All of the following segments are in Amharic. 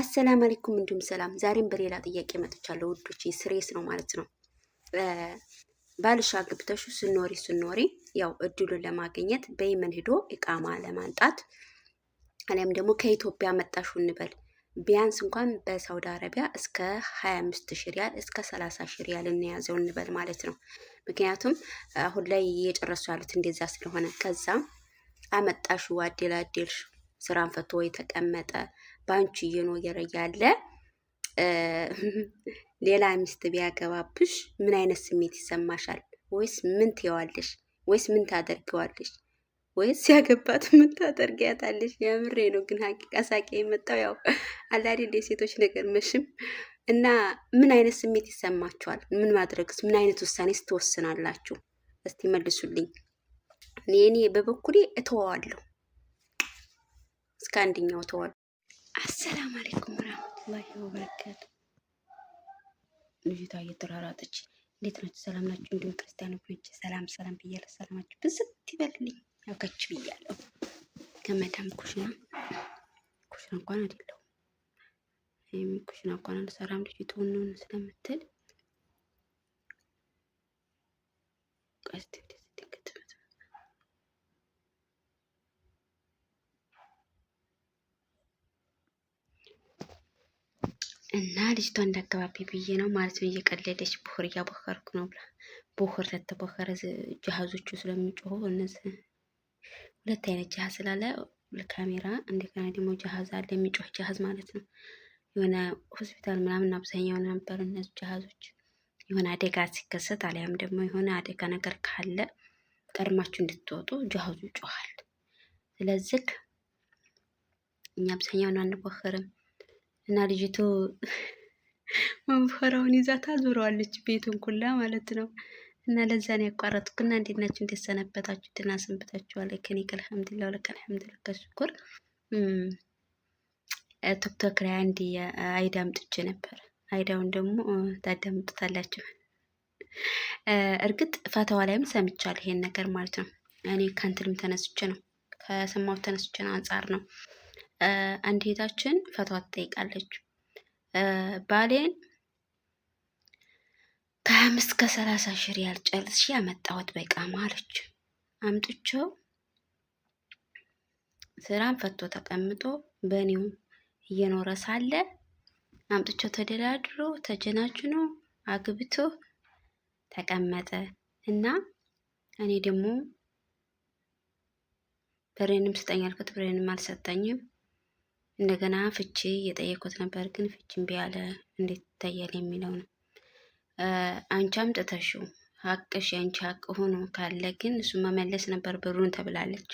አሰላም አለይኩም እንዲሁም ሰላም። ዛሬም በሌላ ጥያቄ መጥቻለሁ ውዶች፣ ስሬስ ነው ማለት ነው። ባልሽ አግብተሹ ስኖሪ ስኖሪ ያው እድሉን ለማግኘት በየመን ሂዶ እቃማ ለማንጣት አሊያም ደግሞ ከኢትዮጵያ መጣሹ እንበል ቢያንስ እንኳን በሳውዲ አረቢያ እስከ 25 ሺህ ሪያል እስከ 30 ሺህ ሪያል እንያዘው እንበል ማለት ነው። ምክንያቱም አሁን ላይ እየጨረሱ ያሉት እንደዛ ስለሆነ ከዛ አመጣሹ አዴል አዴልሽ ስራን ፈቶ የተቀመጠ ባንቺ እየኖየረ ያለ ሌላ ሚስት ቢያገባብሽ ምን አይነት ስሜት ይሰማሻል? ወይስ ምን ትየዋለሽ? ወይስ ምን ታደርገዋለሽ? ወይስ ሲያገባት ምን ታደርጊያታለሽ? የምሬ ነው ግን ሀቂቃ ሳቄ የመጣው ያው እንደ ሴቶች ነገር መሽም እና ምን አይነት ስሜት ይሰማችኋል? ምን ማድረግስ ምን አይነት ውሳኔስ ትወስናላችሁ? እስቲ መልሱልኝ። እኔ በበኩሌ እተዋዋለሁ፣ እስከ አንደኛው እተዋለሁ። አሰላም አለይኩም ወራህመቱላሂ ወበረካቱ። ልጅቷ እየተሯሯጠች እንዴት ናችሁ? ሰላም ናችሁ? እንዲሁም ክርስቲያን ወገኖች ሰላም ሰላም ብያለሁ። ሰላማችሁ ብዝት ይበልልኝ። ያውካችሁ ብያለሁ። ከመዳም ኩሽና ኩሽና እንኳን አይደለሁም ኩሽና እንኳን አልሰራም። ልጅቱ ሆነውን ስለምትል ቀስት እና ልጅቷ እንዳገባቢ ብዬ ነው ማለት ነው። እየቀለደች ቡሁር እያቦከርኩ ነው ብላ ቡሁር ተተቦከረ ጀሃዞቹ ስለሚጮሁ እነዚህ ሁለት አይነት ጀሃዝ ስላለ ካሜራ እንደገና ደግሞ ጀሃዝ አለ የሚጮህ ጀሃዝ ማለት ነው። የሆነ ሆስፒታል ምናምን አብዛኛው ነበር እነዚህ ጀሃዞች። የሆነ አደጋ ሲከሰት አሊያም ደግሞ የሆነ አደጋ ነገር ካለ ቀድማችሁ እንድትወጡ ጀሃዙ ይጮሃል። ስለዚህ እኛ አብዛኛውን አንቦክርም። እና ልጅቱ መንፈራውን ይዛታ ዙረዋለች ቤቱን ኩላ ማለት ነው። እና ለዛ ነው ያቋረጥኩ እና እንዴት ናችሁ? እንዴት ሰነበታችሁ? ድና ሰንብታችኋል? ከኔ ከአልሐምዱሊላህ ወለከ አልሐምዱሊላህ ከሽኩር ቲክቶክ ላይ አንድ አይዳ አምጥቼ ነበር። አይዳውን ደግሞ ታዳምጡታላችሁ። እርግጥ ፈተዋ ላይም ሰምቻለሁ ይሄን ነገር ማለት ነው። እኔ ከንትልም ተነስቼ ነው ከሰማሁት ተነስቼ ነው አንጻር ነው አንድ እህታችን ፈቷ ትጠይቃለች። ባሌን ከአምስት ከሰላሳ ሺህ ሪያል ጨርሼ ያመጣሁት በቃማ አለች። አምጥቼው ስራም ፈቶ ተቀምጦ በእኔው እየኖረ ሳለ አምጥቼው ተደላድሮ ተጀናጅኖ አግብቶ ተቀመጠ እና እኔ ደግሞ ብሬንም ስጠኝ አልኩት፣ ብሬንም አልሰጠኝም። እንደገና ፍቺ እየጠየኩት ነበር፣ ግን ፍቺ እምቢ አለ። እንዴት ይታያል የሚለው ነው። አንቻም ጥተሹ ሀቅሽ የአንቺ ሀቅ ሆኖ ካለ ግን እሱ መመለስ ነበር ብሩን ተብላለች።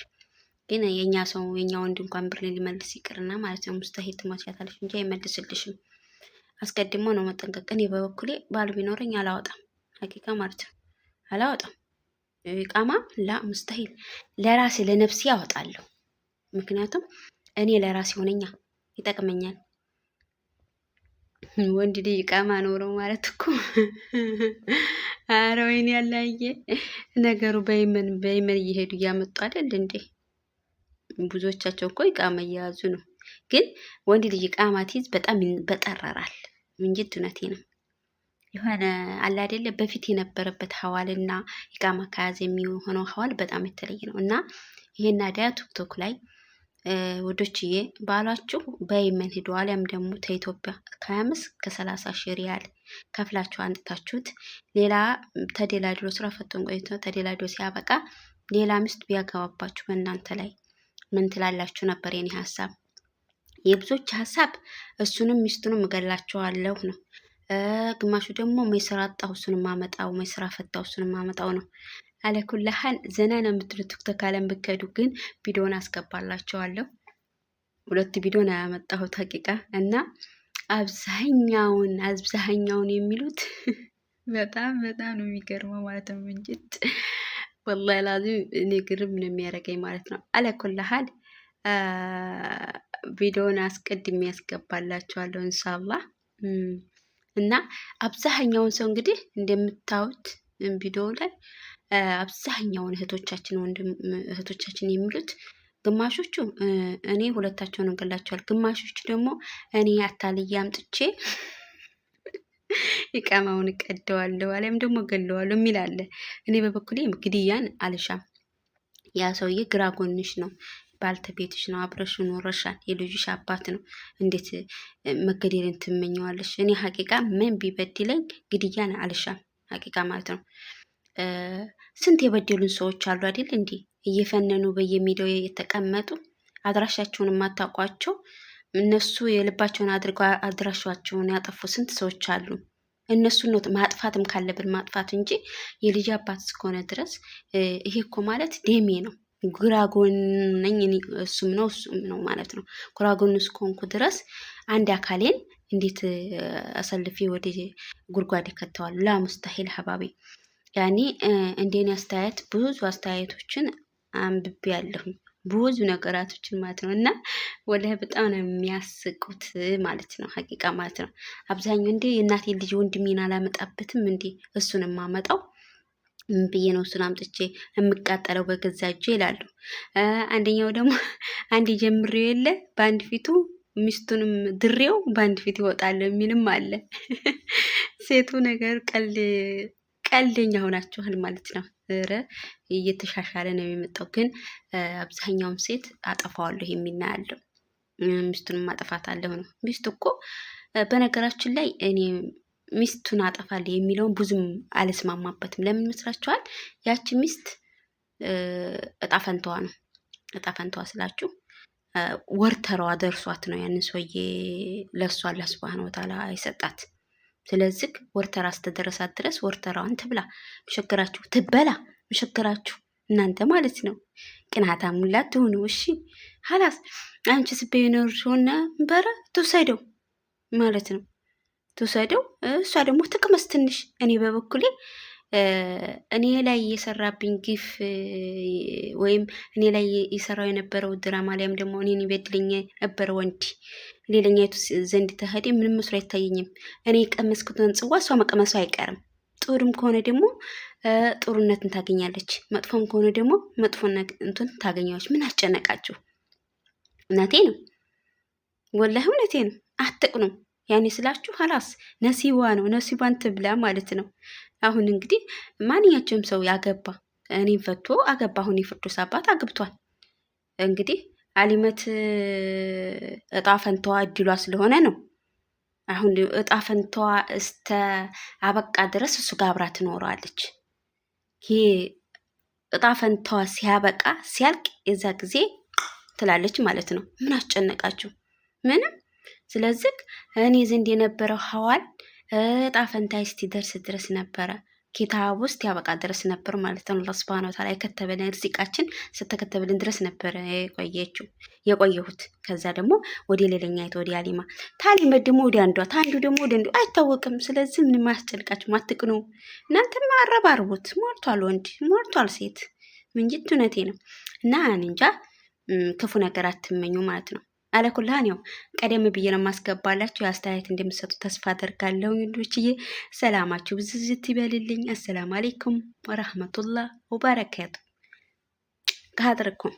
ግን የእኛ ሰው የእኛ ወንድ እንኳን ብር ሊመልስ ይቅርና ማለት ነው ሙስታሂል ትሞቻታለሽ እንጂ አይመልስልሽም። አስቀድሞ ነው መጠንቀቅን። በበኩሌ ባል ቢኖረኝ አላወጣም፣ ሀቂቃ ማለት ነው አላወጣም። ቃማ ላ ሙስተሂል ለራሴ ለነፍሴ ያወጣለሁ ምክንያቱም እኔ ለራሴ ሆነኛ ይጠቅመኛል። ወንድ ልጅ ቃማ ኖሮ ማለት እኮ አረ ወይን ያለየ ነገሩ በይመን በይመን እየሄዱ እያመጡ አይደል እንዴ? ብዙዎቻቸው እኮ ይቃማ እየያዙ ነው። ግን ወንድ ልጅ ቃማ ትይዝ በጣም በጠረራል ምንጅት እውነቴ ነው። የሆነ አለ አይደለ በፊት የነበረበት ሀዋልና ይቃማ ከያዘ የሚሆነው ሀዋል በጣም የተለየ ነው እና ይሄን አዲያ ቲክቶክ ላይ ውዶችዬ ባሏችሁ በየመን ሄዶ አሊያም ደግሞ ከኢትዮጵያ ከአምስት ከሰላሳ ሺህ ሪያል ከፍላችሁ አንጥታችሁት ሌላ ተደላድሎ ስራ ፈቶን ቆይቶ ተደላድሎ ሲያበቃ ሌላ ሚስት ቢያገባባችሁ በእናንተ ላይ ምን ትላላችሁ ነበር የኔ ሀሳብ። የብዙዎች ሀሳብ እሱንም ሚስቱንም እገላቸዋለሁ ነው። ግማሹ ደግሞ መስራ አጣሁ እሱንም ማመጣው መስራ ፈታው እሱንም ማመጣው ነው። አለኩላህን ዘና ነው የምትሉት። ቲክቶክ አለም ብከዱ ግን ቪዲዮን አስገባላችኋለሁ። ሁለት ቪዲዮ ነው ያመጣሁት ሀቂቃ እና አብዛኛውን አብዛኛውን የሚሉት በጣም በጣም ነው የሚገርመው ማለት ነው እንጅት ወላሂ ላዚም እኔ ግርም ነው የሚያደርገኝ ማለት ነው። አለኩላህል ቪዲዮን አስቀድሜ ያስገባላችኋለሁ እንሻላህ እና አብዛኛውን ሰው እንግዲህ እንደምታዩት ቪዲዮ ላይ አብዛኛውን እህቶቻችን ወንድም እህቶቻችን የሚሉት ግማሾቹ እኔ ሁለታቸውን እንገላቸዋል፣ ግማሾቹ ደግሞ እኔ አታልዬ አምጥቼ ይቀማውን እቀደዋለሁ አለም ደግሞ እገለዋለሁ የሚል አለ። እኔ በበኩሌ ግድያን አልሻም። ያ ሰውዬ ግራ ጎንሽ ነው፣ ባልተቤትሽ ነው፣ አብረሽ ኖረሻል፣ የልጅሽ አባት ነው። እንዴት መገደልን ትመኘዋለሽ? እኔ ሀቂቃ ምን ቢበድለኝ ግድያን አልሻም፣ ሀቂቃ ማለት ነው። ስንት የበደሉን ሰዎች አሉ አይደል? እንዲህ እየፈነኑ በየሚዲያው የተቀመጡ አድራሻቸውን የማታውቋቸው እነሱ የልባቸውን አድርገው አድራሻቸውን ያጠፉ ስንት ሰዎች አሉ። እነሱን ነው ማጥፋትም ካለብን ማጥፋት እንጂ የልጅ አባት እስከሆነ ድረስ ይሄ እኮ ማለት ደሜ ነው። ጉራጎን ነኝ እሱም ነው እሱም ነው ማለት ነው። ጉራጎን እስከሆንኩ ድረስ አንድ አካሌን እንዴት አሰልፌ ወደ ጉድጓድ ከተዋሉ ላሙስታሂል ሀባቢ ያኔ እንደኔ አስተያየት ብዙ አስተያየቶችን አንብቤ ያለሁ ብዙ ነገራቶችን ማለት ነው። እና ወላሂ በጣም ነው የሚያስቁት ማለት ነው። ሀቂቃ ማለት ነው። አብዛኛው እንዲ የእናቴ ልጅ ወንድሜን አላመጣበትም እንዲ እሱን የማመጣው ምን ብዬ ነው እሱን አምጥቼ የምቃጠለው በገዛ እጄ ይላሉ። አንደኛው ደግሞ አንድ ጀምሬው የለ በአንድ ፊቱ ሚስቱንም ድሬው በአንድ ፊት ይወጣል የሚልም አለ። ሴቱ ነገር ቀል ቀልደኛ ሆናችኋል ማለት ነው። ኧረ እየተሻሻለ ነው የመጣው። ግን አብዛኛውም ሴት አጠፋዋለሁ የሚና ያለው ማጠፋት አጠፋታለሁ ነው። ሚስት እኮ በነገራችን ላይ እኔ ሚስቱን አጠፋል የሚለውን ብዙም አልስማማበትም። ለምን መስላችኋል? ያቺ ሚስት እጣፈንተዋ ነው። እጣፈንተዋ ስላችሁ ወርተሯ ደርሷት ነው ያንን ሰውዬ ለእሷ አላህ ሱብሃነሁ ወተዓላ አይሰጣት። ስለዚህ ወርተራ ስተደረሳት ድረስ ወርተራዋን ትብላ፣ መሸከራችሁ ትበላ፣ መሸከራችሁ እናንተ ማለት ነው። ቅናታ ሁላ ትሆኑ። እሺ ሀላስ አንቺ ስቤ የኖር ሆነ በረ ትውሰደው ማለት ነው። ትውሰደው እሷ ደግሞ ትቅመስ ትንሽ። እኔ በበኩሌ እኔ ላይ የሰራብኝ ግፍ ወይም እኔ ላይ የሰራው የነበረው ድራማ ላይም ደግሞ እኔን ይበድልኝ ነበረ ወንድ ሌላኛይቱ ዘንድ ተሄደ ምንም መስሎ አይታየኝም። እኔ የቀመስኩትን ጽዋ እሷ መቀመሱ አይቀርም። ጥሩም ከሆነ ደግሞ ጥሩነትን ታገኛለች፣ መጥፎም ከሆነ ደግሞ መጥፎ እንትን ታገኛለች። ምን አስጨነቃችሁ? እውነቴ ነው፣ ወላህ እውነቴ ነው። አትቅኑ ያኔ ስላችሁ ሀላስ ነሲዋ ነው፣ ነሲቧን ትብላ ማለት ነው። አሁን እንግዲህ ማንኛቸውም ሰው ያገባ እኔም ፈቶ አገባ። አሁን የፍርዶስ አባት አግብቷል እንግዲህ አሊመት እጣ ፈንታዋ እድሏ ስለሆነ ነው። አሁን እጣ ፈንታዋ እስተ አበቃ ድረስ እሱ ጋር አብራ ትኖረዋለች። ይሄ እጣ ፈንታዋ ሲያበቃ ሲያልቅ የዛ ጊዜ ትላለች ማለት ነው። ምን አስጨነቃችሁ? ምንም። ስለዚህ እኔ ዘንድ የነበረው ሀዋል እጣ ፈንታይ ደርስ ድረስ ነበረ። ኪታብ ውስጥ ያበቃ ድረስ ነበር ማለት ነው። አላህ ስብሃነ ወተዓላ የከተበልን ርዚቃችን ስተከተበልን ድረስ ነበር የቆየችው የቆየሁት። ከዛ ደግሞ ወደ ሌላኛ አይቶ ወደ አሊማ ታሊመት ደግሞ ወደ አንዷ ታንዱ ደግሞ ወደ አንዱ አይታወቅም። ስለዚህ ምንም አያስጨንቃችሁም፣ አትቅኑ። እናንተም አረባርቡት። ሞልቷል፣ ወንድ ሞልቷል፣ ሴት ምንጅት እውነቴ ነው። እና እንጃ ክፉ ነገር አትመኙ ማለት ነው። አለኩላን ያው ቀደም ብዬ ነው ማስገባላችሁ። የአስተያየት እንደምትሰጡ ተስፋ አደርጋለሁ። ውዶችዬ ሰላማችሁ ብዝዝት ይበልልኝ። አሰላሙ አሌይኩም ወራህመቱላህ ወበረካቱ። ከሀጥርኩም